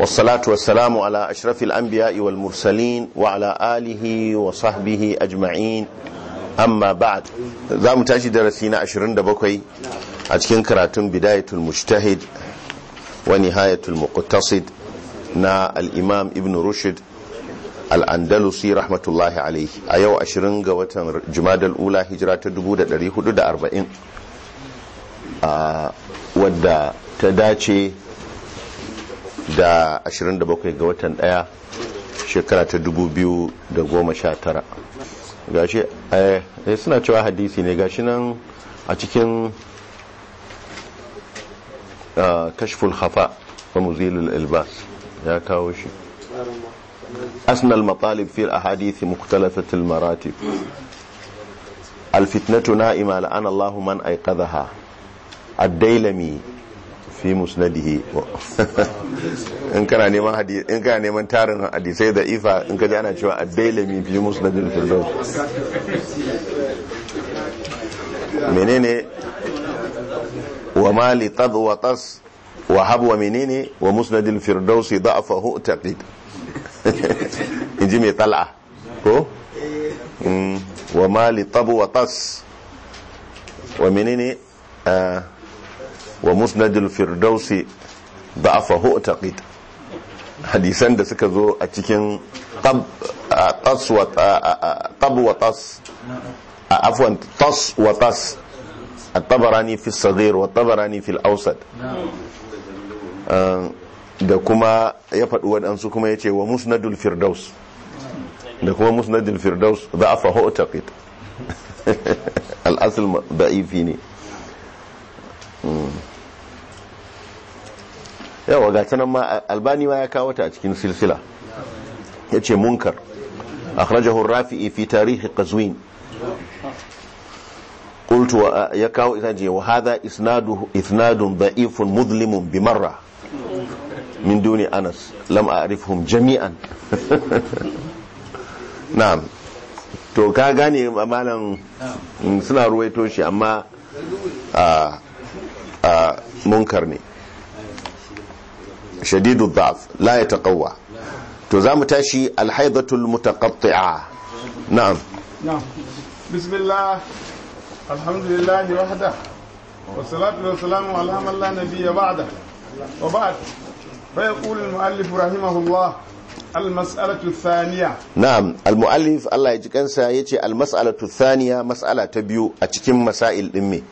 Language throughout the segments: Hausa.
والصلاة والسلام على أشرف الأنبياء والمرسلين وعلى آله وصحبه أجمعين أما بعد ذا متاشي رسينا أشرين دبوكي أتكين كراتون بداية المجتهد ونهاية المقتصد نا الإمام ابن رشد الأندلسي رحمة الله عليه أيو أشرين ga جماد الأولى ula hijira لريه دودة أربعين ودى تداتي da 27 ga watan daya shekara ta 2019 gashi eh, eh suna cewa hadisi ne gashi nan a cikin ah, kashful hafa wa muzilul ilbas ya kawo shi asna matalib fi ahadithi mukhtalafat maratib الفتنة نائمة man الله من a الديلمي fi musnadihi in kana neman hadisi in kana neman tarin hadisai da ifa in kaji ana cewa ad-dailami fi musnadil firdaus menene wa mali tad wa tas wa habwa menene wa musnadil firdaus da'afahu taqid inji mai tal'a ko mm. wa mali tab wa tas wa menene ah. wa musnadul firdausi da afa ta taqid hadisan da suka zo a cikin tas wa tas afwan tas wa tas at-tabarani fi as-saghir wa at-tabarani fi al-awsat eh, da kuma ya faɗi waɗansu kuma ya ce wa musnadul firdaus da kuma musnadul firdaus da za a faho taƙit al'asul da'ifi ne hmm. yawa ga tanan ma albani ma ya kawo ta a cikin silsila ya ce munkar akhrajahu rafi'i fi tarihi qazwin je يكاو إذنجي وهذا إسناده da'ifun muslimun bimarra min duni anas lam a أعرفهم jami'an نعم to ka gane malam suna ruwaito shi amma a munkar ne shadidu daf la ya taƙawa to za mu tashi alhaidatul mutaƙaɓɗi'a na'am bismillah alhamdulillah ya wahada wa salatu wa salamu alhamdulillah na biya ba da wa ba da fa ya ƙulin mu'allif rahimahullah almas'alatu thaniya na'am almu'allif allah ya ji kansa ya mas'ala ta biyu a cikin masail ɗin me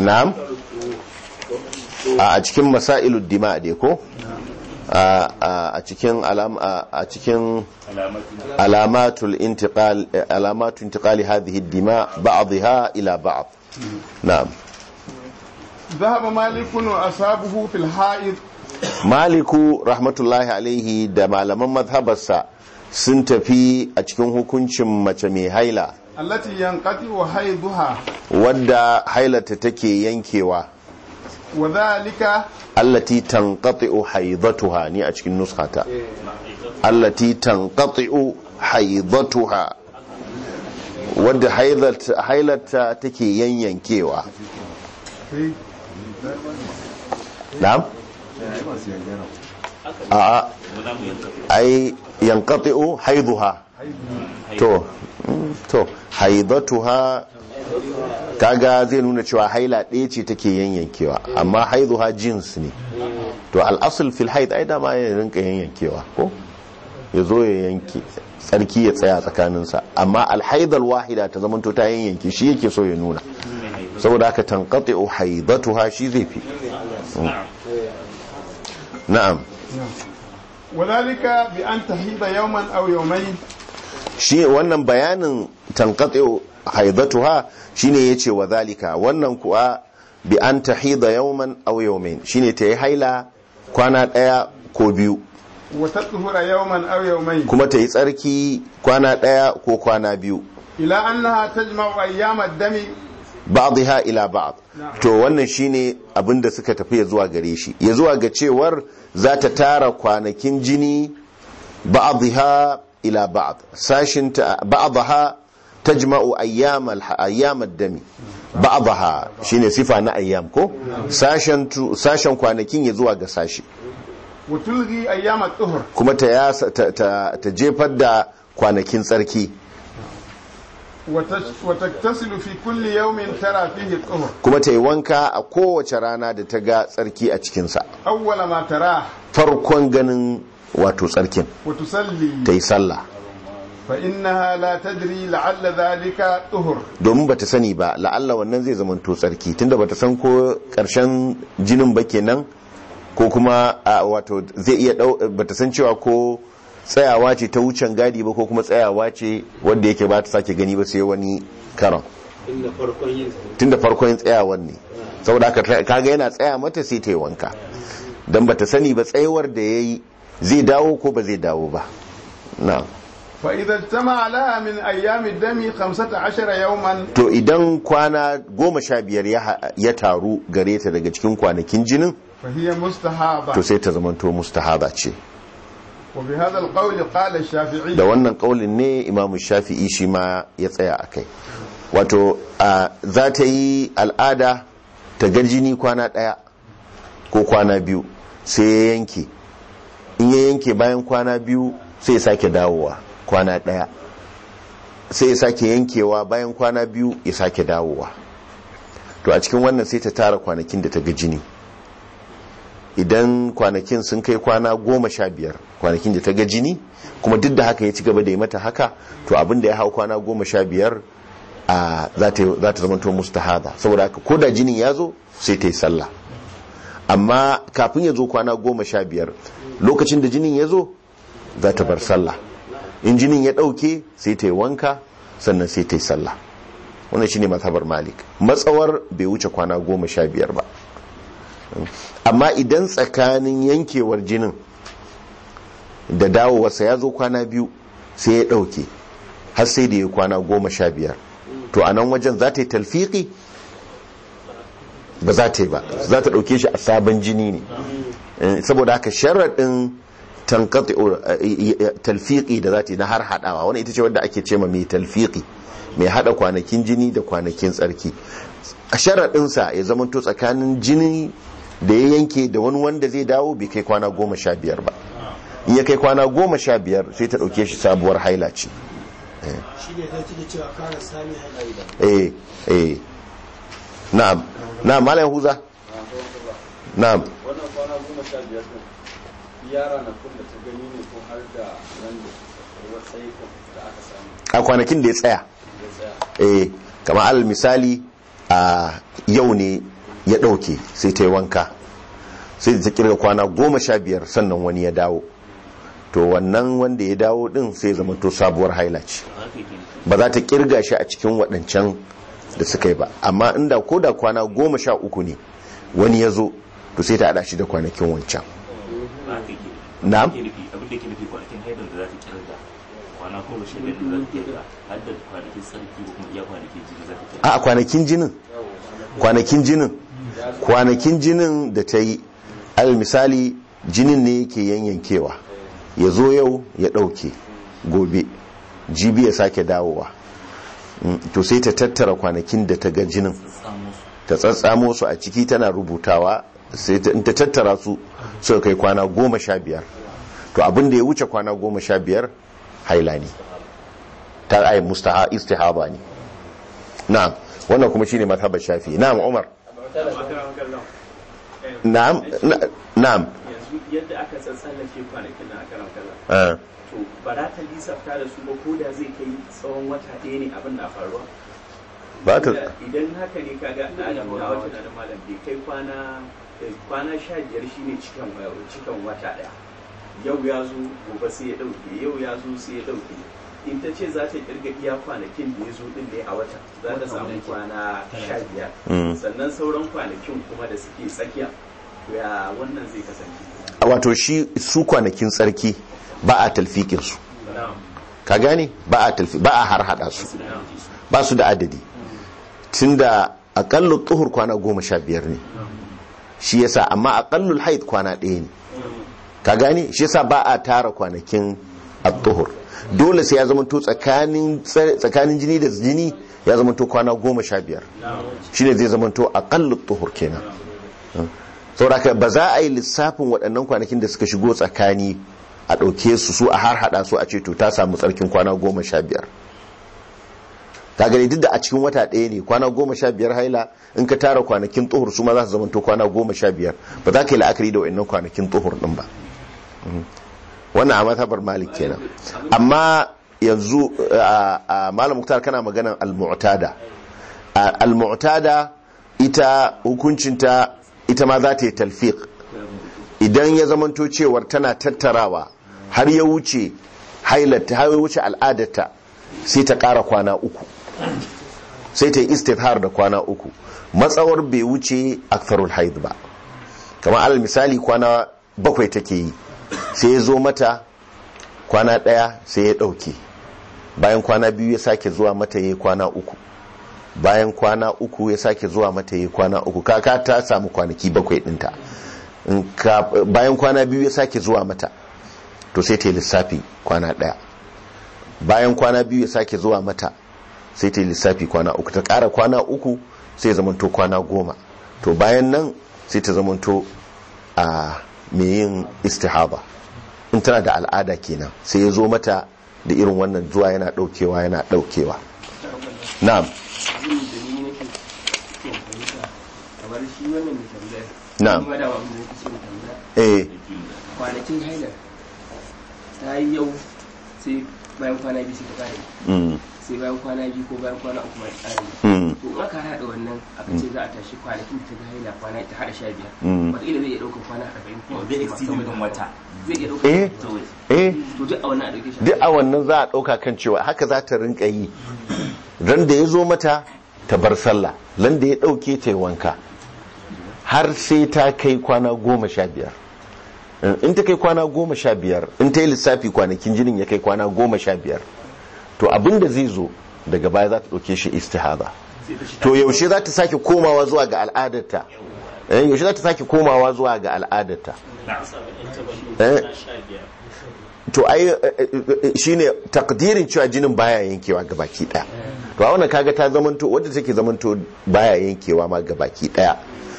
na'am a cikin masailu dima dai ko a cikin a cikin alamatul intiqal alamatul intiqali hadhihi dima ba'dha ila ba'd na'am ذهب مالك واصحابه في الحائض maliku rahmatullahi alaihi da malaman mazhabarsa sun tafi a cikin hukuncin mace mai haila allati yanqati wa haiduha wadda hailata take yankewa wa zalika allati tanqati'u haidatuha ni a cikin nuskata allati tanqati'u haidatuha wadda hailarta take yanyankewa na'am a ai yanqati'u haiduha to to haidatuha kaga zai nuna cewa haila ɗaya ce take yanyankewa amma ha jins ne to al'asul fil haid ai dama ya rinka yanyankewa ko ya zo ya yanke tsarki ya tsaya tsakaninsa amma alhaidar wahida ta zamanto ta yanyanke shi yake so ya nuna saboda haka haidatu haidatuha shi zai fi mm. na'am wadalika bi an tahida yawman aw yawmayn shi wannan bayanin tanqati haidatuha shine yace wa zalika wannan kuwa bi an tahida yawman aw yawmain shine ta yi haila kwana daya ko biyu yawman kuma ta yi tsarki kwana daya ko kwana biyu ila annaha tajma'u ayyam ad-dami ba'daha ila ba'd to wannan shine abinda suka tafi zuwa gare shi ya zuwa ga cewar za ta tara kwanakin jini ba'daha ila ba'd sashin ta tajma'u ayyamal ayyamad dami ba'daha shine sifa na ayyam ko sashen sashen kwanakin ya zuwa ga sashi wutulgi ayyamat tuhur kuma ta ta jefar da kwanakin tsarki wataktasilu fi kulli yawmin tara fihi tuhur kuma ta yi wanka a kowace rana da ta ga tsarki a cikinsa awwala ma tara farkon ganin wato tsarkin ta yi sallah fa inna la tadri la'alla zalika tuhur domin bata sani ba la'alla wannan zai zama to tsarki tunda bata san ko karshen jinin ba kenan ko kuma wato zai iya bata san cewa ko tsayawa ce ta wucen gadi ba ko kuma tsayawa ce wanda yake ba ta sake gani ba sai wani karon tun da farkon tsayawar ne saboda kaga yana tsaya mata sai ta yi wanka don bata sani ba tsayawar da yayi zai dawo ko ba zai dawo ba na'am fa'iza tama ala min ayyami dami 15 yawman to idan kwana goma sha biyar ya taru gare ta daga cikin kwanakin jinin to sai ta zamanto mustahaba ce da wannan kaulin ne imamu shafi'i shi ma ya tsaya a kai wato za ta yi al'ada ta jini kwana ɗaya ko kwana biyu sai ya yanke in ya yanke bayan kwana biyu sai sake dawowa kwana ɗaya sai ya sake yankewa bayan kwana biyu ya sake dawowa to a cikin wannan sai ta tara kwanakin da ta ga jini idan kwanakin sun kai kwana goma sha biyar kwanakin da ta ga jini kuma duk da haka ya ci gaba da yi mata haka to abin da ya hau kwana goma sha biyar za ta zamanto hada. saboda haka ko da jinin ya zo sai ta yi sallah amma kafin ya zo kwana goma sha biyar lokacin da jinin ya zo za ta bar sallah injinin ya ɗauke sai ta yi wanka sannan sai ta yi sallah wannan shine mazhabar malik matsawar bai wuce kwana goma sha biyar ba amma idan tsakanin yankewar jinin da dawowarsa ya zo kwana biyu sai ya ɗauke har sai da ya kwana goma sha biyar to a nan wajen za ta yi talfiki ba za ta yi ba za ta ɗauke shi a sabon jini ne eh, saboda haka sharaɗin tankati eh, eh, eh, talfiqi da zata na har hadawa wani ita ce wadda ake ce ma mai talfiki mai hada kwanakin jini da kwanakin tsarki a sharaɗinsa ya zamanto tsakanin jini da ya yanke da wani wanda zai dawo bai kai kwana goma sha biyar ba in ya kai kwana goma sha biyar sai ta ɗauke shi sabuwar haila ce eh eh na'am na'am malam huza na'am wannan kwana goma sha biyar da a kwanakin da ya tsaya eh kamar alal misali a yau ne ya ɗauke sai ta yi wanka sai da ta kirga kwana goma sha biyar sannan wani ya dawo to wannan wanda ya dawo din sai zama to sabuwar haila ce ba za ta kirga shi a cikin waɗancan da suka yi ba amma inda ko da kwana goma sha uku ne wani ya zo to sai ta haɗa shi da kwanakin wancan na'am kwanakin jinin a kwanakin jinin kwanakin jinin kwanakin jinin da ta yi al misali jinin ne yake yanyankewa ya zo yau ya ɗauke gobe jibi ya sake dawowa mm, to sai ta tattara kwanakin da ta ga jinin ta tsatsamo su a ciki tana rubutawa sai ta tattara su suka kai kwana goma sha biyar to abinda ya wuce kwana goma sha biyar haila ne ta ayi mustaha istihaba ne na'am wannan kuma shine mazhabar shafi na'am umar na'am na'am yanzu yadda aka ke kwanakin na kala eh. to ba za ta lisafta da su ba ko da zai kai tsawon wata ɗaya ne abin na faruwa ba ta idan haka ne kaga na da wata da malam bai kai kwana Eh, kwana sha biyar shi cikin cikin wata ɗaya yau ya zo gobe sai ya ɗauke yau ya zo sai ya ɗauke in ta ce za ta kirga iya kwanakin da ya zo ɗin ne a wata za ta samu kwana sha biyar mm. sannan sauran kwanakin kuma da suke tsakiya ya wannan zai kasance wato shi su kwanakin tsarki ba a talfikin su ka gane ba a talfi ba a hada su ba su da adadi tunda aƙalla tsohur kwana goma sha biyar ne shi yasa amma aqallul haid kwana ɗaya ne ka gane shi yasa ba a tara kwanakin at dole sai ya zama to tsakanin jini da jini ya zama to kwana goma sha biyar shine zai zama to aqallut tuhur kenan hmm. saboda ba za a yi lissafin waɗannan kwanakin da suka shigo tsakani a ɗauke su su a har haɗa su a ce to ta samu tsarkin kwana goma sha biyar ka gani duk da a cikin wata ɗaya ne kwana goma sha biyar haila in ka tara kwanakin tsohur su ma za su zamanto kwana goma sha biyar ba za ka yi la'akari da wa'annan kwanakin tsohur ɗin ba mm. wannan a matabar malik kenan amma yanzu a malam muktar kana maganan al-mu'tada al-mu'tada ita hukuncinta ita ma za ta yi talfiq idan ya zamanto cewar tana tattarawa har ya wuce hailata har ya wuce al'adarta sai ta kara kwana uku sai ta yi istithar da kwana uku matsawar bai wuce aktharul haid ba kamar alal misali kwana bakwai take yi sai ya zo mata kwana daya sai ya dauke bayan kwana biyu ya sake zuwa mata ya kwana uku bayan kwana uku ya sake zuwa mata ya kwana uku kaka ta samu kwanaki bakwai dinta bayan kwana biyu ya sake zuwa mata to sai ta yi lissafi kwana daya bayan kwana biyu ya sake zuwa mata sai ta yi lissafi kwana uku ta ƙara kwana uku sai to kwana goma to bayan nan sai ta zamanto a mai yin istihaba in tana da al'ada kenan sai ya zo mata da irin wannan zuwa yana ɗaukewa yana ɗaukewa na'am na'am eh kwanakin sai bayan kwana biyu ko bayan kwana uku mai tsari hmm. to in aka haɗa wannan aka ce za a tashi kwanakin da ta ga haila kwana ta haɗa sha biyar hmm. wataƙila zai iya ɗaukar kwana arba'in kuma zai exceed ɗin wata zai iya ɗaukar eh. eh to duk a wannan a ɗauke shi duk a wannan za a ɗauka kan cewa haka za ta rinka yi ran da ya zo mata ta bar sallah ran da ya ɗauke ta yi wanka har sai ta kai kwana goma sha biyar in ta kai kwana goma sha biyar in ta yi lissafi kwanakin jinin ya kai kwana goma sha biyar to abin da zai zo daga baya za ta ɗauke shi istihada to yaushe za ta sake komawa zuwa ga al'adarta eh, yaushe za ta sake komawa zuwa ga al'adarta eh, to ai eh, shine takdirin cewa jinin baya yankewa ga baki daya to a wannan kaga ta zamanto wadda take zamanto baya yankewa ma ga baki daya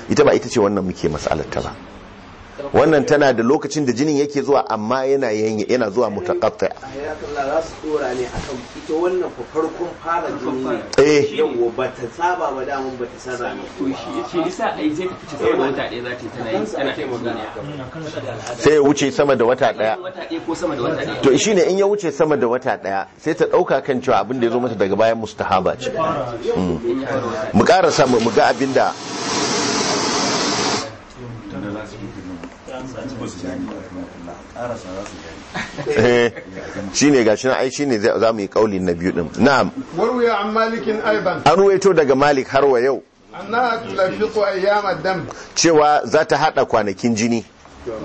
ita ba ita ce wannan muke mas'alar ta ba wannan tana da lokacin da jinin yake zuwa amma yana yanye yana zuwa mutaqatta eh yawo ba ta saba ba damun ba ta saba ne shi yasa ai zai fice sai wata ɗaya za ta yi tana tana sai ya wuce sama da wata ɗaya to shine in ya wuce sama da wata ɗaya sai ta ɗauka kan cewa abin da ya zo mata daga bayan mustahaba ce mm. mu ƙara samu mu ga abin da Eh, shi ne gashi na ai shi ne za mu yi kauli na biyu din na'am warwaya an malikin aiban an ruwaito daga malik har wa yau annaha tulafiqu ayyam ad-dam cewa za ta hada kwanakin jini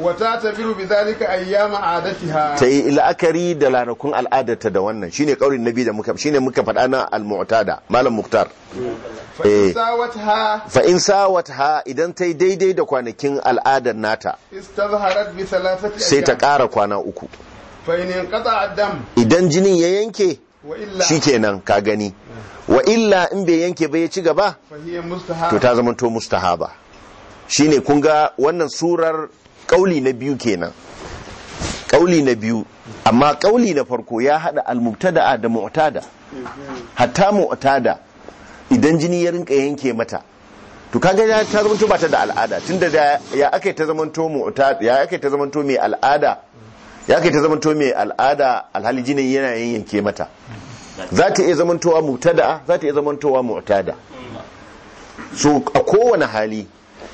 wata ta tafiru bi zalika ayyama adatiha ta yi la'akari da lanakun al'adarta da wannan shine kaurin nabi da muka shine muka faɗa na al-mu'tada malam muktar eh. fa in sawatha idan ta yi daidai da kwanakin al'adar nata sai ta ƙara kwana uku adam. idan jinin ya yanke shikenan ka gani wa illa in bai yanke ba ya ci gaba to ta to mustahaba shine kun ga wannan surar kauli na biyu kenan kauli na biyu amma kauli na farko ya hada almubtada da mu'tada hatta mu'tada idan jini ya rinka yanke mata to kaga ya ta zamanto ba ta da al'ada tunda da ya ake ta zamanto mu'tada ya aka ta to mai al'ada ya aka ta to mai al'ada alhali jini yana yanke mata za ta iya zamantowa mu'tada za ta iya zamantowa mu'tada so a kowane hali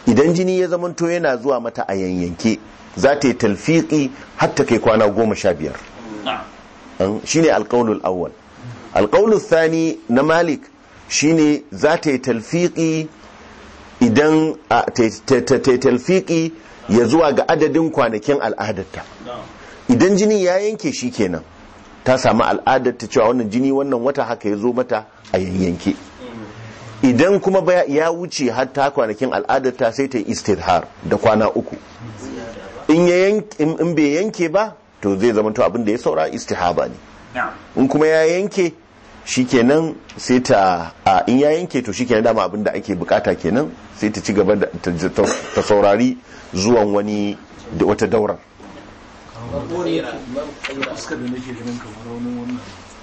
idan jini ya zamanto yana zuwa mata a yanyanke za ta yi talfiƙi hatta kai kwana goma sha biyar shi ne alƙaunul awwal alƙaunul thani na malik shi ne za ta yi talfiƙi idan ta yi talfiƙi ya zuwa ga adadin kwanakin al'adarta idan jini ya yanke shi kenan ta samu al'adarta cewa wannan jini wannan wata haka ya zo mata a yanyanke idan kuma baya ya wuce hatta kwanakin ta, sai ta yi istihar da kwana uku in bai yanke ba to zai zama to abin da ya saura istihaba ne in kuma ya yanke shikenan sai ta a in ya yanke to shikenan dama abin da ake bukata kenan sai ta ci gaba da ta saurari zuwan wani wata daurar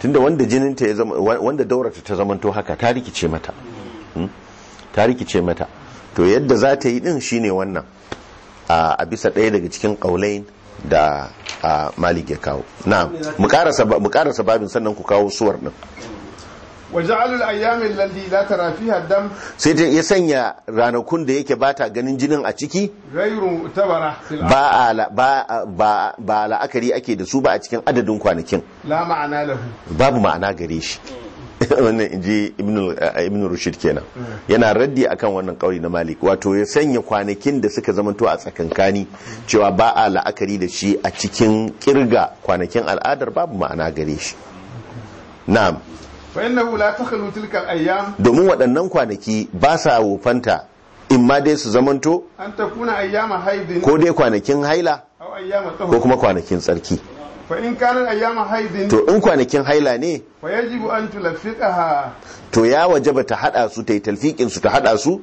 tunda wanda jininta ya zama wanda daurata ta zamanto haka ta rikice mata hmm? ta rikice mata to yadda za ta yi din shine wannan a bisa ɗaya daga cikin ƙaulayin da malik ya kawo na mu ƙarasa babin sannan ku kawo suwar ɗin. waja'alul ayyamin lalli, la tara fiha dam sai ta ya sanya ranakun da yake bata ganin jinin a ciki gairu tabara ba ba ba la'akari ake da su ba a cikin adadin kwanakin la ma'ana lahu babu ma'ana gare shi wannan inji ibn eh, rushid kenan yana raddi akan wannan kauri na malik wato ya sanya kwanakin da suka zamanto a tsakankani cewa ba a la'akari da shi a cikin kirga kwanakin al'adar babu ma'ana gare shi na'am domin waɗannan kwanaki ba sa wofanta in ma dai su zamanto ko dai kwanakin haila ko kuma kwanakin tsarki to in kwanakin haila ne to ya ba ta hada su ta yi talfikin su ta hada su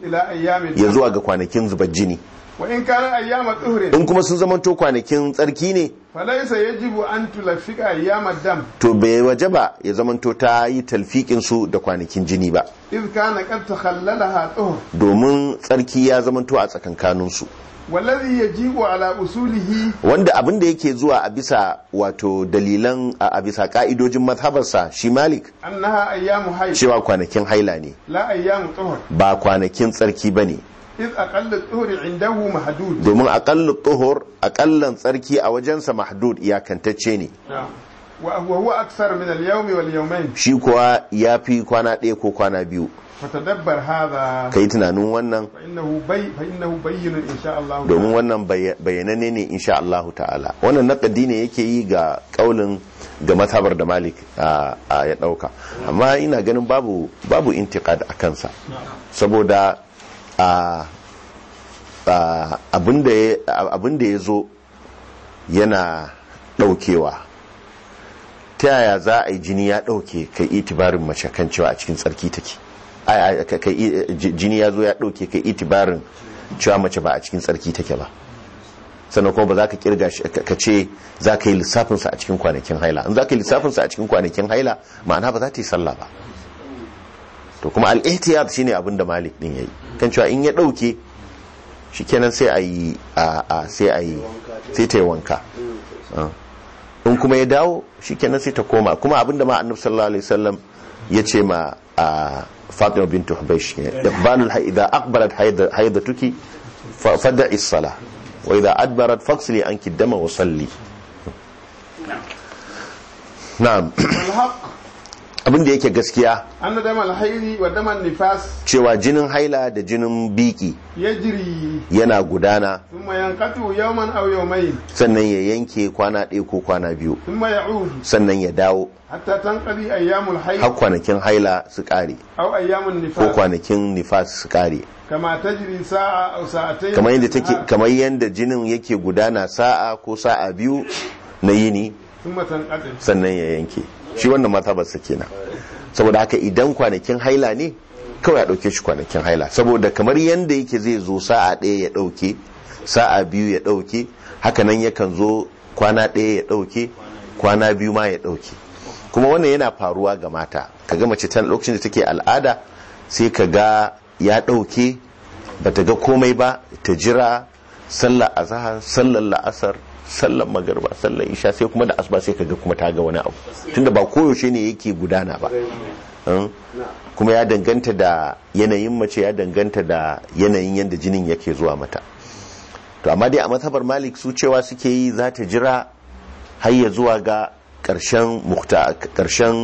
ya zuwa ga kwanakin zubar jini wa in kana ayyama tuhrin in kuma sun zamanto kwanakin tsarki ne falaisa yajibu an tulafika ayyama dam to bai ba ya zamanto ta yi talfikin su da kwanakin jini ba iz kana qad takhallalaha domin tsarki ya zamanto a tsakankanin su wallazi yajibu ala usulihi wanda abin da yake zuwa a bisa wato dalilan a bisa ka'idojin sa shi malik annaha ayyamu hayl cewa kwanakin haila ne la ayyamu tuhur ba kwanakin tsarki bane iz indahu mahdud domin aqallu a aqallan tsarki a wajensa mahdud kantacce ne wa aksar min al-yawmi shi kuwa ya fi kwana ɗaya ko kwana biyu ka yi tunanin wannan domin wannan bayanane ne insha Allah ta'ala wannan naqadi ne yake yi ga ƙaunin ga matabar da Malik a ya ɗauka amma ina ganin babu intiƙad a kansa. saboda abin da ya zo yana daukewa ta yaya za a yi jini ya dauke kai itibarin mace kan cewa a cikin tsarki take jini ya zo ya dauke kai itibarin cewa mace ba a cikin tsarki take ba sannan kuma ba za ka kirga ka ce za ka yi lissafinsa a cikin kwanakin haila in za ka yi lissafinsa a cikin kwanakin haila ma'ana ba za ta yi sallah ba to kuma al-ihtiyat shine abin da malik din yayi kan cewa in ya dauke shikenan sai a yi a sai a yi sai ta yi wanka mm. ah. in kuma ya dawo shikenan sai ta koma kuma abin da ma annabi sallallahu alaihi wasallam ya ce ma Fatima bint Hubaysh iqbalul idza aqbalat haidatuki fada'i as-salah wa idha adbarat faqsili anki dama wa salli na'am abin da yake gaskiya wa nifas cewa jinin haila da jinin biki yana gudana sannan ya yanke kwana ɗaya ko kwana biyu sannan ya dawo har kwanakin haila su ƙare nifas ko kwanakin nifas su ƙare kama sa'a kamar yadda jinin yake gudana sa'a ko sa'a biyu na yini sannan ya yanke shi wannan su kenan saboda haka idan kwanakin haila ne kawai a ɗauke shi kwanakin haila saboda kamar yadda yake zai zo sa'a ɗaya ya ɗauke sa'a biyu ya ɗauke hakanan yakan zo kwana ɗaya ya ɗauke kwana biyu ma ya ɗauke kuma wannan yana faruwa ga mata kaga mace ta lokacin da take al'ada sai ka ga ya ɗauke ba ta ga komai ba ta jira sallar azahar sallar la'asar Sallan magarba sallan isha sai kuma da asuba sai kaga kuma ta ga wani abu tunda ba koyaushe ne yake gudana ba hmm? kuma ya danganta da yanayin mace ya danganta da yanayin yadda jinin yake zuwa mata to amma dai a masabar malik su cewa suke yi za ta jira har zuwa ga karshen mukta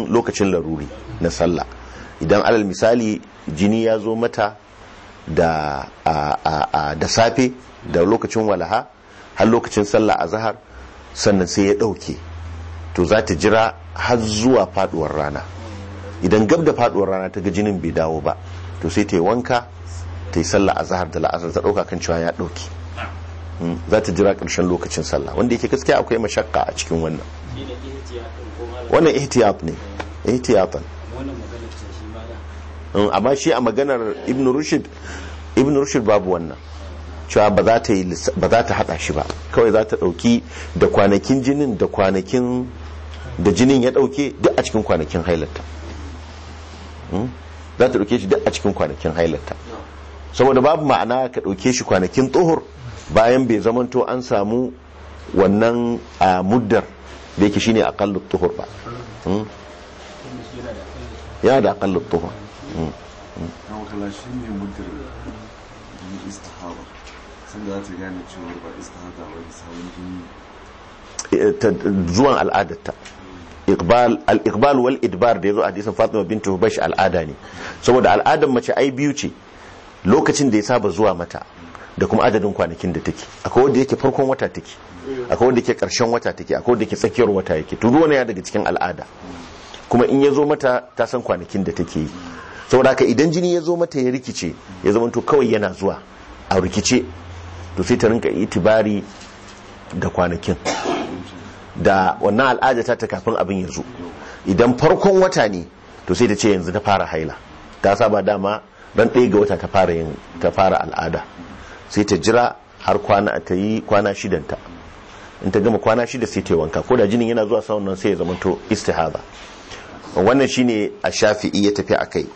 lokacin laruri na sallah idan alal misali jini ya zo mata da da safe da lokacin walaha har lokacin sallah a zahar sannan sai ya ɗauke to za ta jira har zuwa faduwar rana idan gab da faduwar rana ta ga jinin bai dawo ba to sai ta yi wanka ta yi sallah a zahar da la'asar ta ɗauka kan cewa ya ɗauke hmm, za ta jira ƙarshen lokacin sallah wanda yake gaskiya akwai mashakka a cikin wannan wannan ihtiyat ne ihtiyatan hmm, amma shi a maganar ibn rushd ibn rushd babu wannan cewa ba za ta hada shi ba kawai za ta dauki da kwanakin jinin da kwanakin da jinin ya dauke duk a cikin kwanakin hailarta hmm? za ta dauke shi duk a cikin kwanakin hailarta saboda babu ma'ana ka dauke shi kwanakin tsohor bayan bai zamanto an samu wannan a muddar da yake shine akalla tuhur ba hmm? yana da akalla tuhur hmm. zuwan al'adarta al-iqbal wal idbar da yazo hadisin Fatima binti Hubaysh al'ada ne saboda al'adar mace ai biyu ce lokacin da ya saba zuwa mata da kuma adadin kwanakin da take akwai wanda yake farkon wata take akwai wanda yake karshen wata take akwai wanda yake tsakiyar wata yake to ruwa ya daga cikin al'ada kuma in ya zo mata ta san kwanakin da take yi saboda haka idan jini ya zo mata ya rikice ya zama to kawai yana zuwa a rikice to sai ta rinka itibari da kwanakin da wannan al'ada ta ta kafin abin ya zo idan farkon wata ne to sai ta ce yanzu ta fara haila ta saba dama ran ɗaya ga wata ta fara al'ada sai ta jira har kwana ta yi kwana shidanta in ta gama kwana shida sai ta yi wanka ko da jinin yana zuwa sa nan sai ya zama to istihaza wannan shine a shafi'i ya tafi akai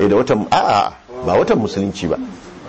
eh, da a'a ba watan musulunci ba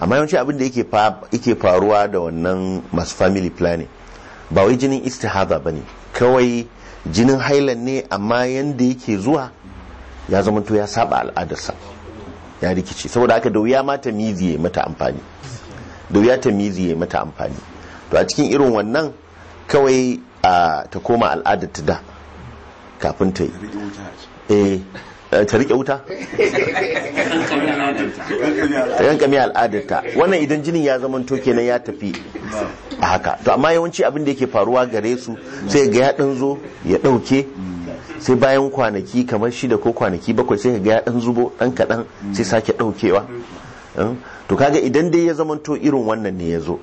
amma yawanci abin da yake faruwa da wannan masu family planning ba wai jinin istihada ba ne kawai jinin hailan ne amma yanda yake zuwa ya to ya saba al'adarsa ya rikici saboda haka da wuya ma tamiziye mata amfani da wuya mata amfani to a cikin irin wannan kawai ta koma al'adar ta da kafin ta yi Eh, ta rike wuta ta yanka mai al'adarta wannan idan jinin ya zama toke kenan ya tafi a haka to amma yawanci abin da yake faruwa gare su sai ga ya dan zo ya dauke sai bayan kwanaki kamar shida ko kwanaki bakwai sai ga ya dan zubo dan kaɗan sai sake daukewa eh, to kaga idan dai ya zama to irin wannan ne ya zo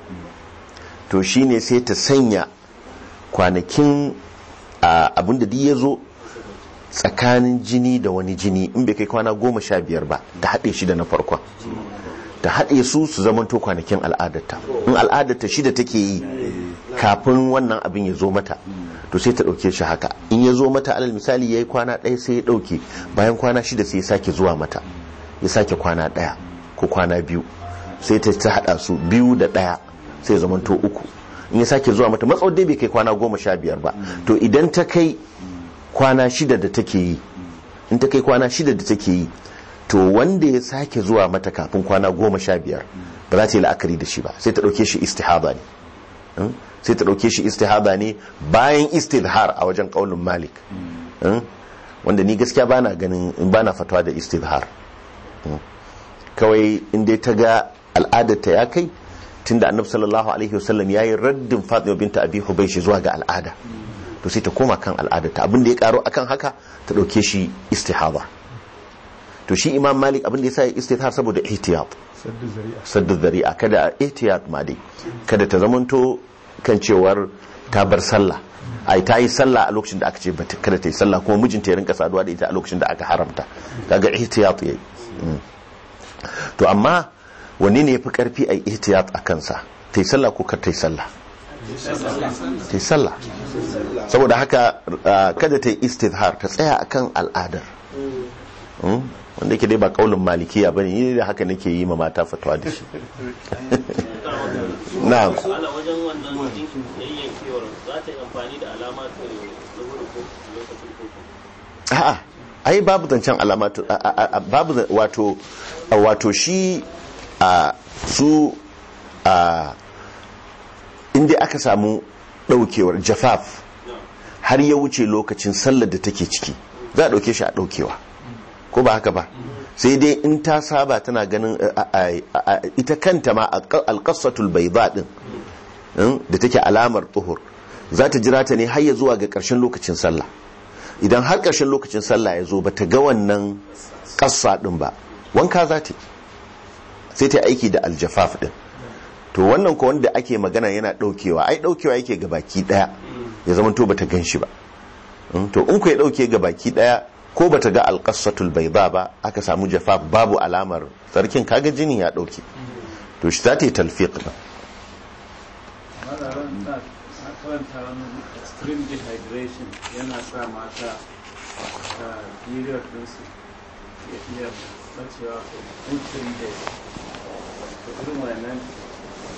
to shine sai ta sanya kwanakin ah, abin da duk ya zo tsakanin jini da wani jini in bai kai kwana goma sha biyar ba ta haɗe shi da na farkon ta haɗe su su zamanto kwanakin al'adarta in al'adarta shi da take yi kafin wannan abin ya zo mata to sai ta ɗauke shi haka in ya zo mata alal misali ya yi kwana ɗaya sai ya ɗauke bayan kwana shida sai ya sake zuwa mata ya sake kwana ɗaya ko kwana biyu sai ta ta haɗa su biyu da ɗaya sai zamanto uku in ya sake zuwa mata matsawar dai bai kai kwana goma sha biyar ba to idan ta kai kwana shida da take yi in ta kai kwana shida da take yi to wanda ya sake zuwa mata kafin kwana goma sha biyar ba za ta yi la'akari da shi ba sai ta ɗauke shi istihaba ne hmm? sai ta ɗauke shi istihaba ne bayan istihar a wajen ƙaunin malik hmm? wanda ni gaskiya bana ganin bana fatawa da istihar hmm? kawai in dai ta ga al'adarta ya kai tunda annabi sallallahu alaihi wasallam ya yi raddin fatima binta abi hubaishi zuwa ga al'ada to sai ta koma kan al'adarta abin da ya karo akan haka ta dauke shi istihada to shi imam malik abin da ya sa istihada saboda ihtiyat Saddu zari'a kada ihtiyat ma dai kada ta zamanto kan cewar ta bar sallah ai ta yi sallah a lokacin da aka ce kada ta yi sallah kuma mijinta ya rinka saduwa da ita a lokacin da aka haramta kaga ihtiyat yayi mm. to amma wanne ne ya fi karfi ai ihtiyat a kansa ta yi sallah ko kar ta yi sallah ta sallah saboda haka kada ta yi istithar ta tsaya akan al'adar hmm? wanda ke dai ba kaulin malikiya ba ne yi da haka nake yi ma mata fatawa da shi na a'a ai babu zancen alamatu babu wato wato shi a su a inda aka samu daukewar jafaf har ya wuce lokacin sallar da take ciki za a dauke shi a daukewa ko ba haka ba sai dai in ta saba tana ganin ita kanta ma alƙasatul bai din hmm, da take alamar tuhur za ta jira ta ne har ya zuwa ga ƙarshen lokacin sallah idan har ƙarshen lokacin sallah ya zo ba ta ga wannan ƙasa ɗin ba wanka za ta sai ta aiki da aljafaf ɗin to wannan ko wanda ake magana yana daukewa ai daukewa yake ga baki daya ya zama to bata ganshi ba hmm, to in ku ya dauke ga baki daya ko bata ga alqasatul bayda ba aka samu jafaf babu alamar sarkin kaga jini ya dauke to shi zata yi talfiq ba yana sa mata period ya bacewa days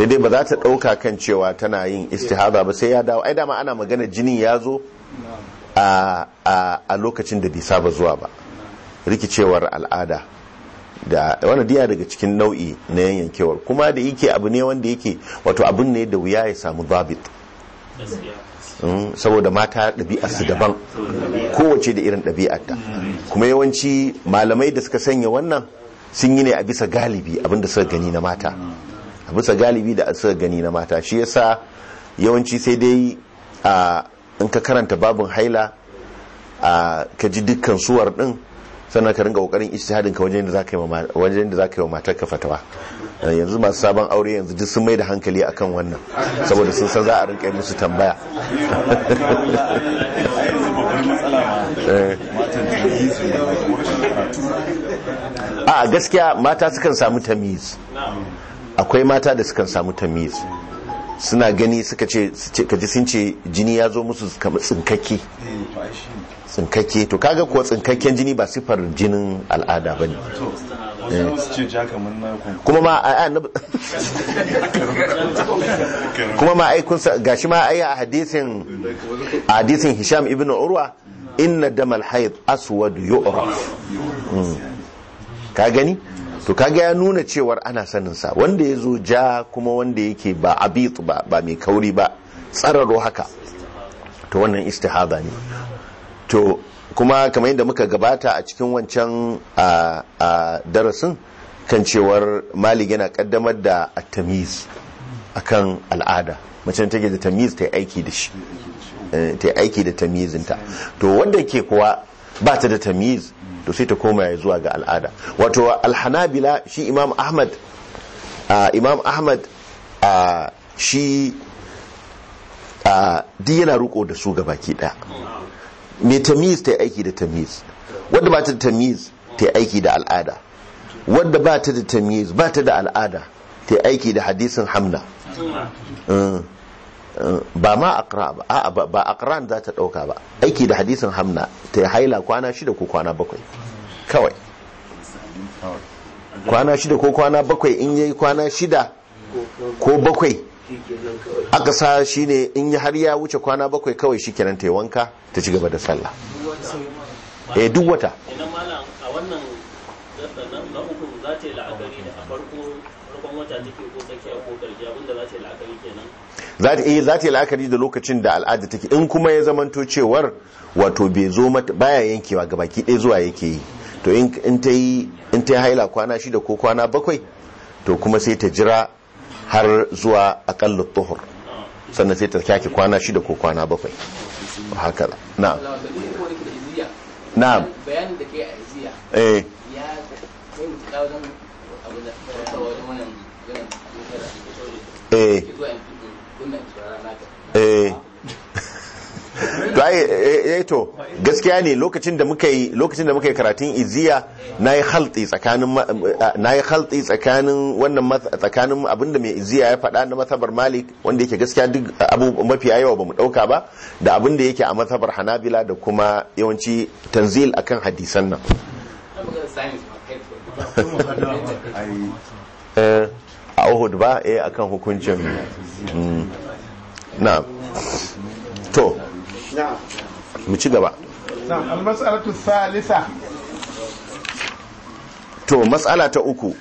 sai dai ba za ta ɗauka kan cewa tana yin istihada ba sai ya dawo ai dama ana magana jinin ya zo a lokacin da bai saba zuwa ba rikicewar al'ada da wani diya daga cikin nau'i na yanyankewar kuma da yake abu ne wanda yake wato abin ne da wuya ya samu babit. Hmm, saboda mata su daban kowace da irin ta kuma yawanci malamai da suka sanya wannan sun yi ne a bisa galibi abin da suka gani na mata bisa galibi da suka gani na mata shi yasa yawanci sai dai a in ka karanta babin haila a ka ji dukkan suwar din sannan ka ringa kokarin ijtihadin ka wajen da za ka yi wa matar ka fatawa eh, yanzu masu sabon aure yanzu duk sun mai da hankali akan wannan saboda sun san za a rinka musu tambaya eh. a gaskiya mata sukan samu tamiz akwai mata da sukan samu tamiz suna gani suka ce kaji sun ce jini ya zo musu tsinkake tsinkake to kaga kuwa tsinkakken jini ba sifar jinin al'ada ba ne kuma ma a kuma ma gashi ma a hadisin a hadisin Hisham ibn Urwa inna damal hayd aswad yu'raf hmm. ka gani to kaga ya nuna cewar ana sanin sa wanda ya zo ja kuma wanda yake ba abit ba ba mai kauri ba tsararo haka to wannan istihada ne to kuma kamar yadda muka gabata a cikin wancan a darasin kan cewar mali yana kaddamar da tamiz a kan al'ada macen take da tamiz ta aiki da shi eh, ta aiki da tamizinta to wanda ke kuwa ba ta da tamiz to sai ta koma ya zuwa ga al'ada wato alhanabila shi imam ahmad imam ahmad shi di yana ruko da su gabaki daya mai tamiz ta aiki da tamiz wadda ba ta da tamiz ta aiki da al'ada wadda ba ta da tamiz ba ta da al'ada ta aiki da hadisin hamna mm. ba ma akra ba a'a ba akran za ta dauka ba aiki da hadisin hamna ta haila kwana shida ko kwana bakwai kawai kwana shida ko kwana bakwai in yi kwana shida ko bakwai aka sa shi ne in yi har ya wuce kwana bakwai kawai shi kenan ta yi wanka ta ci gaba da sallah eh duk wata a wannan za ta iya eh, yi la'akari da lokacin da al'ada take in kuma ya zamanto cewar wato bai zo mata baya yankewa ga baki ɗaya zuwa yake yi to in ta yi haila kwana shida ko kwana bakwai to kuma sai ta jira har zuwa akalla tuhur sannan sai ta kyaki kwana shida ko kwana bakwai haka Na. na'am bayanin da ke a eh ya kai abu da wannan eh Eh. to ai eh, eh to gaskiya ne lokacin da muka yi lokacin da muka yi karatun iziya nayi khalti tsakanin eh, nayi khalti tsakanin wannan tsakanin abinda mai iziya ya faɗa na masabar malik wanda yake gaskiya duk abu mafi yawa bamu ɗauka ba da abinda yake a masabar hanabila da kuma yawanci tanzil akan hadisan nan a uhud ba eh akan hukuncin mm. na to mu ci gaba to matsala ta uku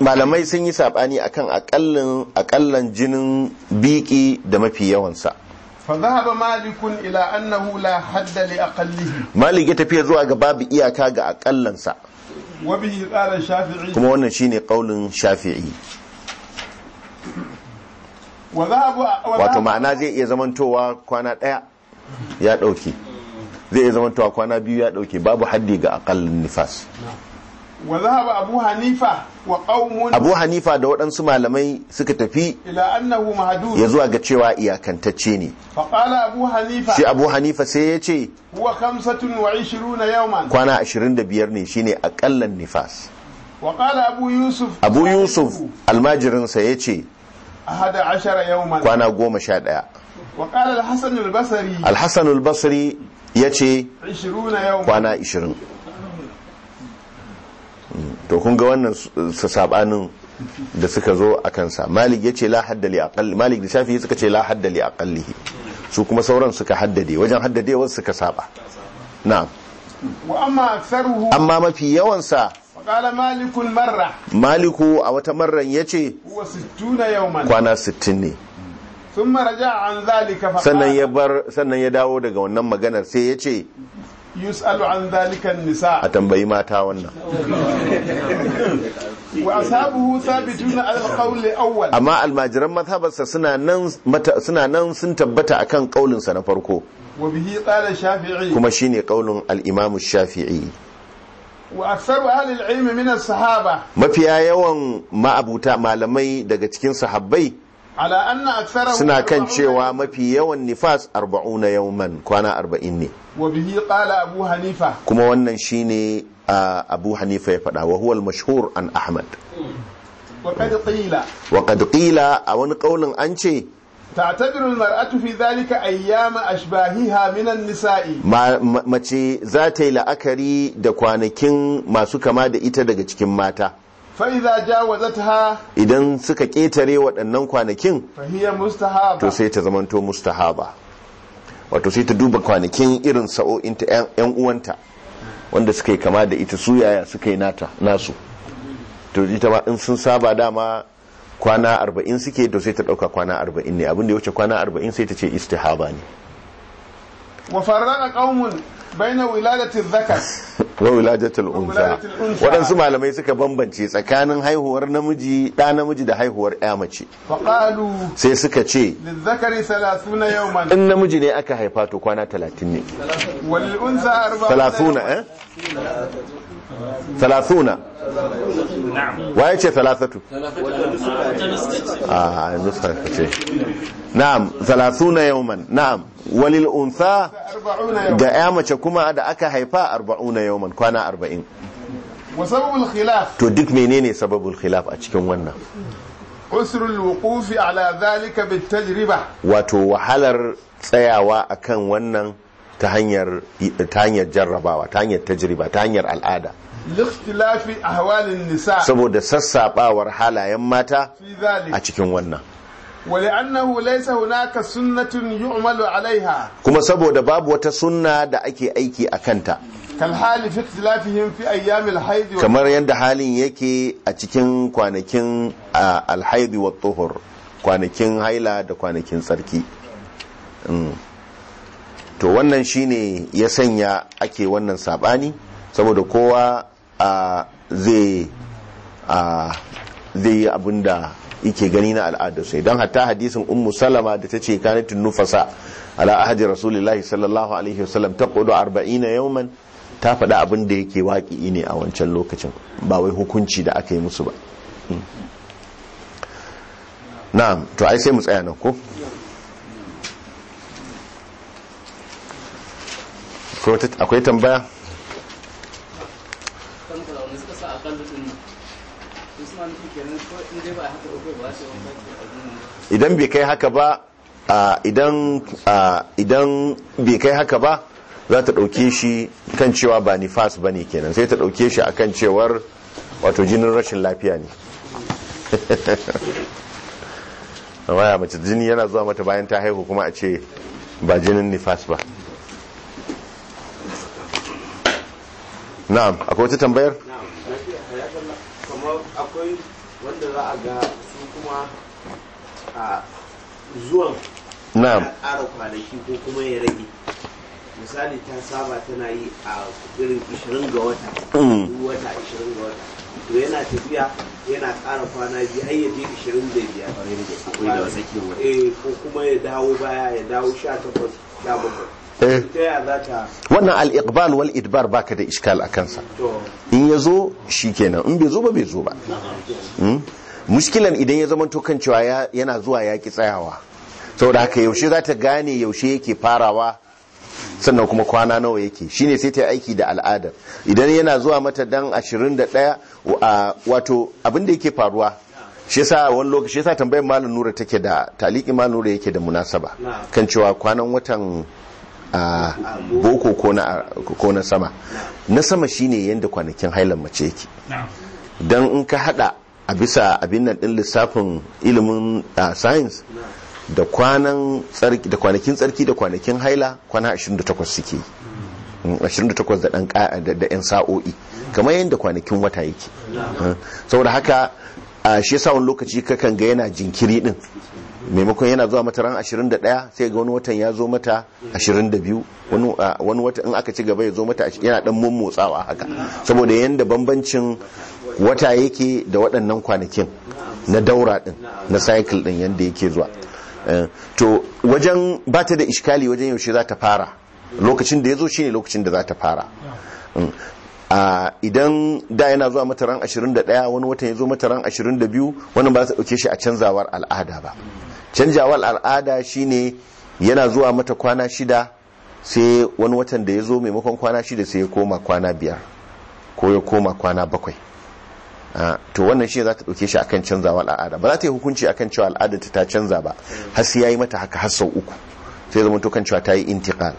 malamai sun yi sabani akan akallin akallan jinin biki da mafi yawansa فذهب مالك إلى أنه لا حد لأقله مالك يتفيه زوا babu iyaka ga akallansa kuma wannan shi ne kaulin shafi'i wato ma'ana zai iya zamantowa kwana ɗaya ya ɗauke zai iya zamantowa kwana biyu ya ɗauke babu haddi ga aƙallin nifas wa zahaba abu hanifa da waɗansu malamai suka tafi ila annahu mahdud ya zuwa ga cewa iyakantacce ne fa abu hanifa shi abu hanifa sai ya ce huwa 25 yawman kwana 25 ne shine nifas abu yusuf abu yusuf almajirin sa ya ce kwana 11 wa qala ya ce kwana 20 to kun ga wannan sabanin da suka zo a kansa malik ya ce la hadda li aqall malik da suka ce la hadda li aqallihi su kuma sauran suka haddade wajen haddade wasu suka saba na'am amma mafi yawan sa qala malikul marra maliku a wata marran yace huwa yawman kwana 60 ne thumma raja'a an zalika fa sannan ya bar sannan ya dawo daga wannan maganar sai yace yus'alu an zalika nisa a tambayi mata wannan wa ashabuhu thabituna ala awwal amma almajiran mazhabarsa suna nan sun tabbata akan kaulin sa na farko wa bihi qala shafi'i kuma shine kaulin al-imam shafi'i wa aksaru ahli al-ilm min sahaba mafiya yawan ma'abuta malamai daga cikin sahabbai suna kan cewa mafi yawan nifas arba'una yawman kwana arba'in ne kuma wannan shi ne abu hanifa ya faɗa wa huwal mashhur an ahmad wa qad qila a wani ƙaunin an ce تعتبر المرأة في ذلك أيام أشباهها من النساء nisai mace za ta yi la'akari da kwanakin masu kama da ita daga cikin mata fa'iza jawazatha idan suka ketare waɗannan kwanakin mustahaba to sai ta zamanto mustahaba wato sai ta duba kwanakin irin sa'o'inta yan uwanta wanda suka yi kama da ita su yaya suka yi nata nasu to in sun saba dama kwana arba'in suke to sai ta ɗauka kwana arba'in ne abinda ya wuce kwana arba'in sai ta ce istihaba ne وفرق قوم بين ولادة الذكر wa wiladatul unsa waɗansu malamai suka bambance tsakanin haihuwar namiji ɗa namiji da haihuwar ya mace sai suka ce in namiji ne aka haifa to kwana talatin ne talatuna talatuna eh? waye ce talatatu a ah, yanzu ce na'am talatuna yawman na'am walil unsa ga ya mace kuma da aka haifa arba'una yawman kwana arba'in to duk menene sababul khilaf a cikin wannan usrul wuqufi ala zalika bitajriba wato wahalar tsayawa akan wannan ta hanyar jarrabawa ta hanyar tajriba ta hanyar al'ada likhtilafi ahwalin nisa saboda sassabawar halayen mata a cikin wannan wale annahu laisa hunaka sunnatun yu'malu alaiha kuma saboda babu wata sunna da ake aiki a kanta kamar yadda halin yake a cikin kwanakin alhaidu wa tsohor kwanakin haila da kwanakin tsarki mm. to wannan shi ne ya sanya ake wannan saɓani, saboda kowa zai abinda yake gani na al'adar sai don hatta hadisin ummu salama da ta ce kanatun nufasa ala ahadi rasulullahi sallallahu alaihi wasallam ta kudu arba'ina yauman ta faɗa abin da yake waƙi ne a wancan lokacin ba wai hukunci da aka yi musu ba hmm. na'am to ai sai mu tsaya nan ko akwai tambaya idan bai kai haka ba idan bai kai haka ba za ta ɗauke shi kan cewa ba nifas ba ne kenan sai ta ɗauke shi akan cewar wato jinin rashin lafiya ne waya mace jini yana zuwa mata bayan ta haihu kuma a ce ba jinin nifas ba na'am akwai wata tambayar akwai wanda za a ga su kuma a zuwan na ƙara kwanaki ko kuma ya rage misali ta saba tana yi a irin 20 ga wata mm. wata 20 ga wata to yana tafiya yana ƙara kwana biyu har ya je 25 eh, ko kuma ya dawo baya ya dawo 18 17 Eh. wannan al'iqbal wal idbar baka da iskal a kansa in ya zo shi kenan in bai zo ba bai zo ba hmm? muskilan idan ya zamanto kan cewa yana zuwa ya ki tsayawa Sau da haka yaushe za ta gane yaushe yake farawa sannan kuma kwana nawa yake ne sai ta yi aiki da al'adar idan yana zuwa mata dan 21 wato abin yake faruwa shi sa wani lokaci shi yasa tambayar malam nura take da taliki malam nura yake da munasaba kan cewa kwanan watan a boko ko na sama na sama shine yadda kwanakin hailan mace yake don in ka hada a bisa abin nan din lissafin ilimin science da kwanakin tsarki da kwanakin haila kwana 28 suke 28 mm, da dan yan sa'o'i kamar yadda kwanakin wata yake saboda haka shi yasa wani lokaci kakan ga yana jinkiri din maimakon yana zuwa mata ran 21 sai ga wani watan ya zo mata 22 wani wata in aka ci gaba ya zo mata yana dan motsawa haka saboda yanda bambancin wata yake da waɗannan kwanakin na daura din na cycle din yanda yake zuwa eh, to wajen ba ta da iskali wajen yaushe za ta fara lokacin da ya zo shine lokacin da za ta fara mm. a idan da yana zuwa mata ran 21 wani watan ya zo mata ran 22 wannan ba za ta dauke shi a canzawar al'ada ba canjawar al'ada shine yana zuwa mata kwana shida sai wani watan da ya zo maimakon kwana shida sai ya koma kwana biyar ko ya koma kwana bakwai to wannan shi za ta ɗauke shi akan canzawa al'ada ba za ta yi hukunci akan cewa al'ada ta canza ba har sai ya yi mata haka har sau uku sai zama to kan cewa ta yi intiqal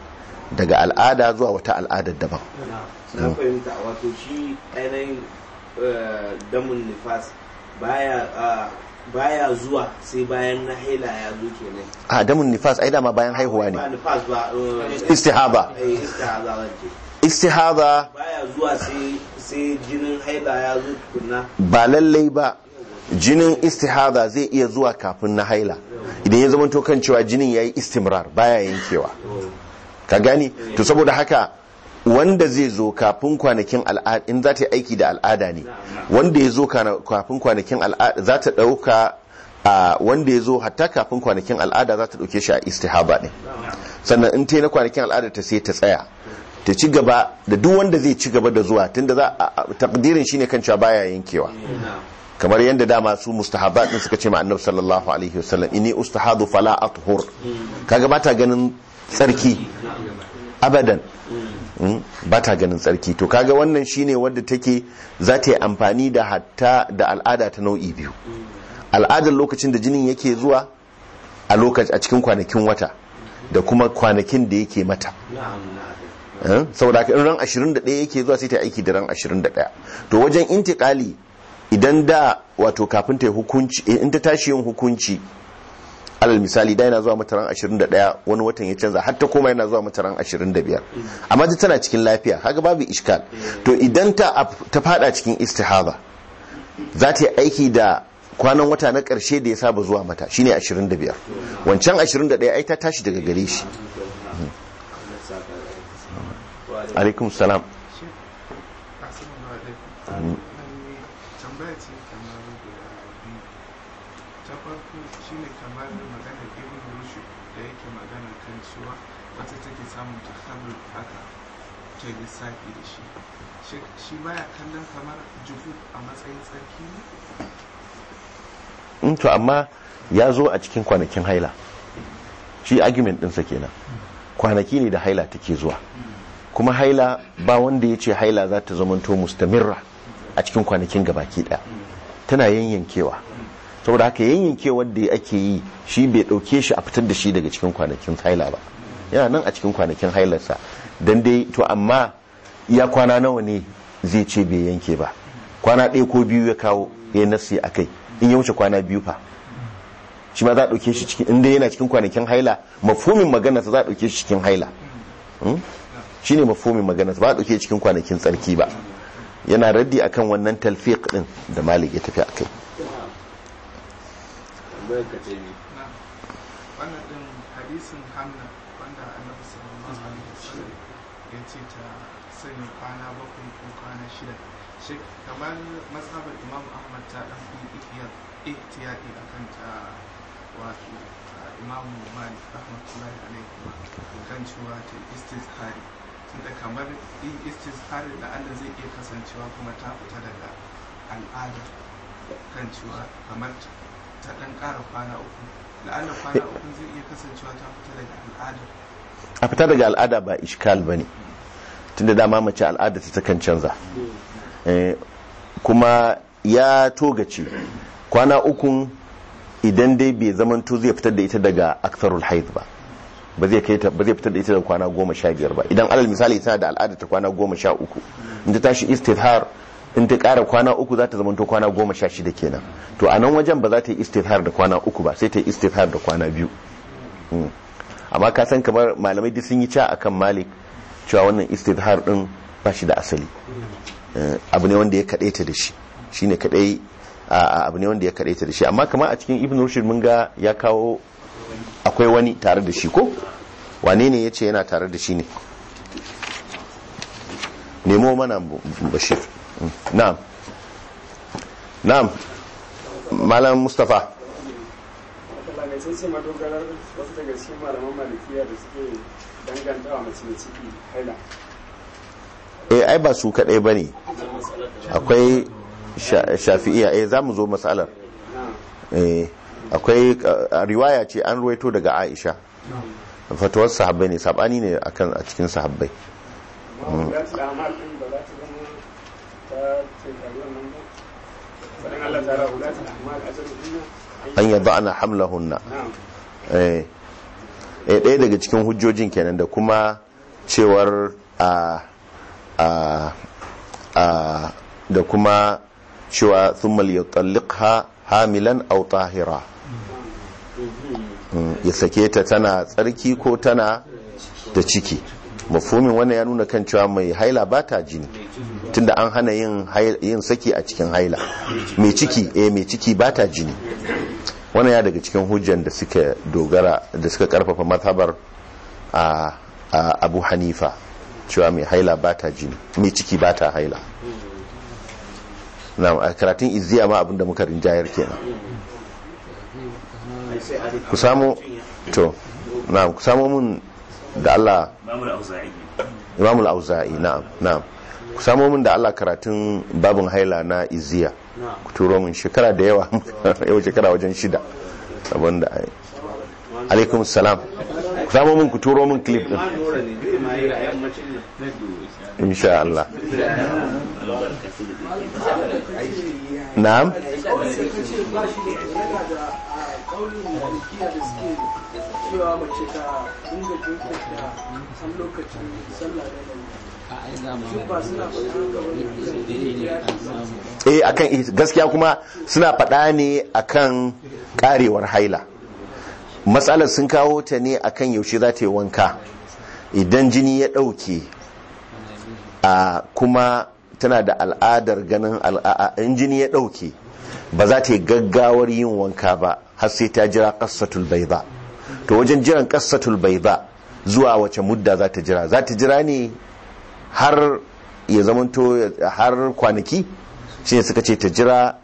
daga al'ada zuwa wata al'ada daban na fahimta wato shi ainihin eh, damun nifas baya ah, baya zuwa sai bayan na haila ya zo kenan a damun nifas ai dama bayan haihuwa ne nifas ba eh, istihaba eh, istihaba istihaba baya zuwa sai sai jinin haila ya zo tukunna ba lallai ba jinin istihaba zai iya zuwa kafin na haila idan ya zama to kan cewa jinin yayi istimrar baya yankewa oh. ka gani to saboda haka wanda zai zo kafin kwanakin al'ada in za ta yi aiki da al'ada ne wanda ya zo kafin kwanakin al'ada za ta ɗauka wanda ya zo hatta kafin kwanakin al'ada za ta ɗauke shi a istihaba ne sannan in ta na kwanakin al'ada ta sai ta tsaya ta ci gaba da duk wanda zai ci gaba da zuwa tunda za a takdirin shine kan cewa baya yankewa kamar yadda dama su mustahaba din suka ce ma annabi sallallahu alaihi wasallam inni ustahadu fala athur kaga bata ganin tsarki abadan Hmm? ba ta ganin tsarki to kaga wannan shine wadda take za ta yi amfani da hatta da al'ada ta nau'i biyu al'adar lokacin da jinin yake zuwa a lokacin a cikin kwanakin wata da kuma kwanakin da yake mata hmm? saboda in ran 21 yake zuwa sai ta aiki da ran 21 to wajen intikali idan da wato kafin ta yi hukunci eh, in ta tashi yin hukunci alal misali da yana zuwa mataran 21 wani watan ya canza har ta koma yana zuwa mataran 25 amma ta tana cikin lafiya haka babu iskal to idan ta ta fada cikin istihaza za ta yi aiki da kwanan wata na karshe da ya saba zuwa mata shine 25 wancan 21 ai ta tashi daga gare shi alaikum salam ake da shi shi baya kallon kamar a matsayin tsarki ne mm, to amma ya zo a cikin kwanakin haila shi argument ɗinsa kenan kwanaki ne da haila take zuwa kuma haila ba wanda ya ce haila za ta zamanto mustamirra a cikin kwanakin gabaki ɗaya tana yanyankewa saboda haka yanyankewar da ake yi shi bai ɗauke shi a fitar da shi daga cikin kwanakin haila ba yana nan a cikin kwanakin hailarsa don dai to amma ya kwana nawa ne zai ce bai yanke ba kwana ɗaya ko biyu ya kawo ya nasi a kai in ya wuce kwana biyu fa shi ma za a ɗauke shi cikin inda yana cikin kwanakin haila mafomin magana za a ɗauke shi cikin haila hmm? shi ne mafomin magana ba a ɗauke cikin kwanakin tsarki ba yana raddi akan wannan talfiq ɗin da malik ya tafi a kai shi kamar imam ahmad ta dan fi akan ta wato uh, imam malik rahmatullahi alaihi wa kan cewa ta istizhari tunda kamar in istizhari da Allah zai iya kasancewa kuma ta fita daga al'ada kan cewa kamar ta dan kwana uku la'alla kwana uku zai iya kasancewa ta fita daga al'ada a fita daga al'ada ba ishkal bane tunda dama mace al'ada ta kan canza Eh, kuma ya togace kwana ukun idan dai bai zamanto zai fitar da ita daga aksarul haid ba ba zai fitar da ita daga kwana goma sha biyar ba idan alal misali tana da al'ada ta kwana goma sha uku in ta tashi istithar in ta kara kwana uku za ta zamanto kwana goma sha shida kenan to a nan wajen ba za ta yi istithar da kwana uku ba sai ta yi istithar da kwana biyu hmm. amma ka san kamar malamai duk sun yi ca akan malik cewa wannan istithar din ba shi da asali Eh, abu ne wanda ya ta da shi shi ne kadai abu ne wanda ya ta da shi amma kama a cikin ibn rushd mun ga ya kawo akwai wani tare da shi ko wane ne ya ce yana tare da shi ne nemo mana bashir na'am na'am malam Mustapha. madogarar wasu daga cikin malaman malikiya da suke mace mai ciki haila eh ai ba su kadai bane akwai shafi'iya eh zamu zo masalar eh akwai eh, riwaya ce an ruwaito daga Aisha fatuwar sahabbai ne sabani ne akan a cikin sahabbai hmm. an yadda ana hamlahunna eh, eh ɗaya daga cikin hujjojin kenan da kuma cewar a ah, da kuma cewa thummal ya ha hamilan au tahira mm, ya sake ta tana tsarki ko tana da ciki mafumin wannan ya nuna kan cewa mai haila ba ta jini tunda an hana yin saki a cikin haila mai ciki eh mai ciki ba ta jini wannan ya daga cikin hujjan da suka dogara da suka karfafa matabar a abu hanifa cewa mai haila ba ta jini mai ciki ba ta haila na a karatun izziya ma abinda muka rinjayar kenan ku samu to na ku samu mun da Allah imamul auza'i na'am na'am ku samu mun da Allah karatun babin haila na izziya ku turo mun shekara da yawa yau shekara wajen shida abinda ai alaikum salam ku samu min ku turo min clip din insha Allah na'am eh akan gaskiya kuma suna faɗa ne akan karewar haila matsalar sun kawo ta ne a kan yaushe za ta yi wanka idan jini ya ɗauke a kuma tana da al'adar ganin in jini ya ɗauke ba za ta yi gaggawar yin wanka ba har sai ta jira ƙasatul bai ba to wajen jiran ƙasatul bai ba zuwa wace mudda za ta jira za ta jira ne har ya zamanto har kwanaki shi ne suka ce ta jira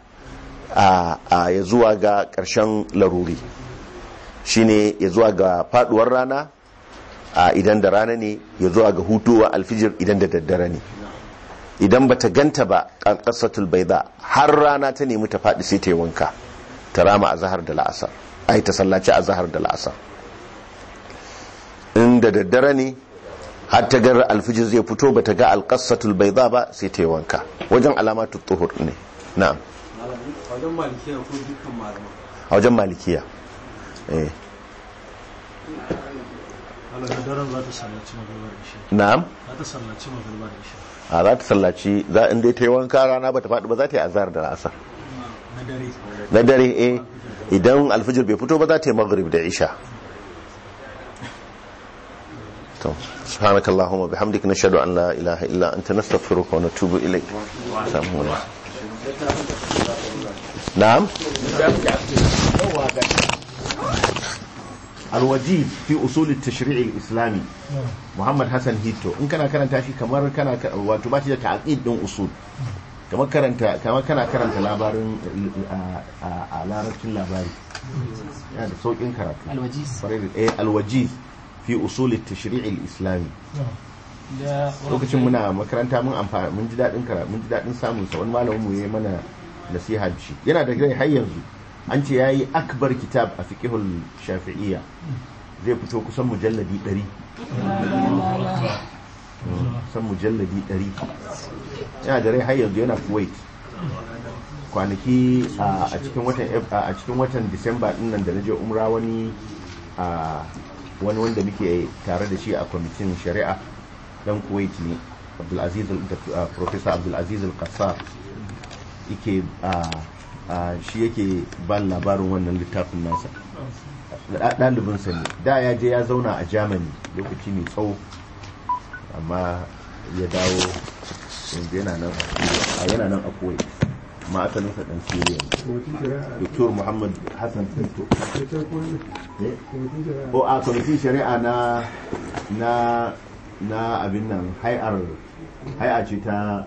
ya zuwa ga ƙarshen laruri shine ya zuwa ga faduwar rana a idan da rana ne ya zuwa ga hutuwa alfijir idan da daddare ne idan bata ganta ba kankasatul baiza har rana ta nemi ta faɗi sai ta yi wanka ta rama a zahar da la'asar ai ta sallaci a zahar da la'asar inda daddare ne har ta gara alfijir zai fito bata ga alqasatul baiza ba sai ta yi wanka wajen alamatut tuhur ne na'am a wajen malikiya eh na'am za ta sallaci za in dai ta yi wanka rana ba ta faɗi ba za ta yi azhar da asar na dare eh idan alfijir bai fito ba za ta yi maghrib da isha to subhanakallahumma bihamdika nashhadu an la ilaha illa anta nastaghfiruka wa natubu ilayk na'am alwajib fi usulin tashri'i islami muhammad hassan hito in kana karanta shi kamar kana wato ba shi da ta'aqid din usul kamar karanta kamar kana karanta labarin a larabcin labari yana da saukin karatu alwajib fi usulin tashri'i islami lokacin muna makaranta mun amfani mun ji daɗin karatu mun ji samun sa wani malamin mu ya mana nasiha shi yana da rai har yanzu an ce ya yi akbar kitab a fiƙihul shafi'iyya zai fito kusan mujalladi 100 san mujalladi 100 yana da rai har yanzu yana kuwait kwanaki a cikin watan a cikin watan disamba din nan da naje umra wani wani wanda muke tare da shi a kwamitin shari'a ɗan kuwait ne abdulaziz professor abdulaziz al-qassar yake shi yake ban labarin wannan littafin nasa ne da ya je ya zauna a germany lokaci mai tsawo amma ya dawo yanzu yana nan a yana nan a koyi ma asalin sa dan siriya dr muhammad hassan tinto eh? oh, a kwamitin shari'a na na abin nan hai'ar hai'ar ce ta